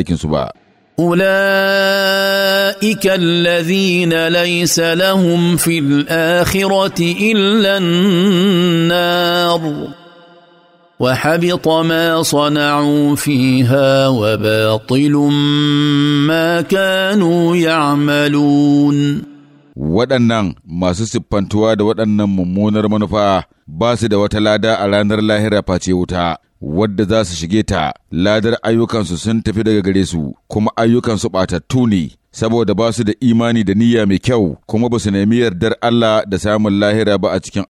aikinsu ba. أولئك الذين ليس لهم في الآخرة إلا النار وحبط ما صنعوا فيها وباطل ما كانوا يعملون waɗannan masu siffantuwa da waɗannan mummunar manufa ba su da wata lada a ranar lahira face wuta wadda za su shige ta ladar ayyukansu sun tafi daga gare su kuma ayyukansu ɓatattu ne saboda ba su da imani da niyya mai kyau kuma ba su nemi yardar Allah da samun lahira ba a cikin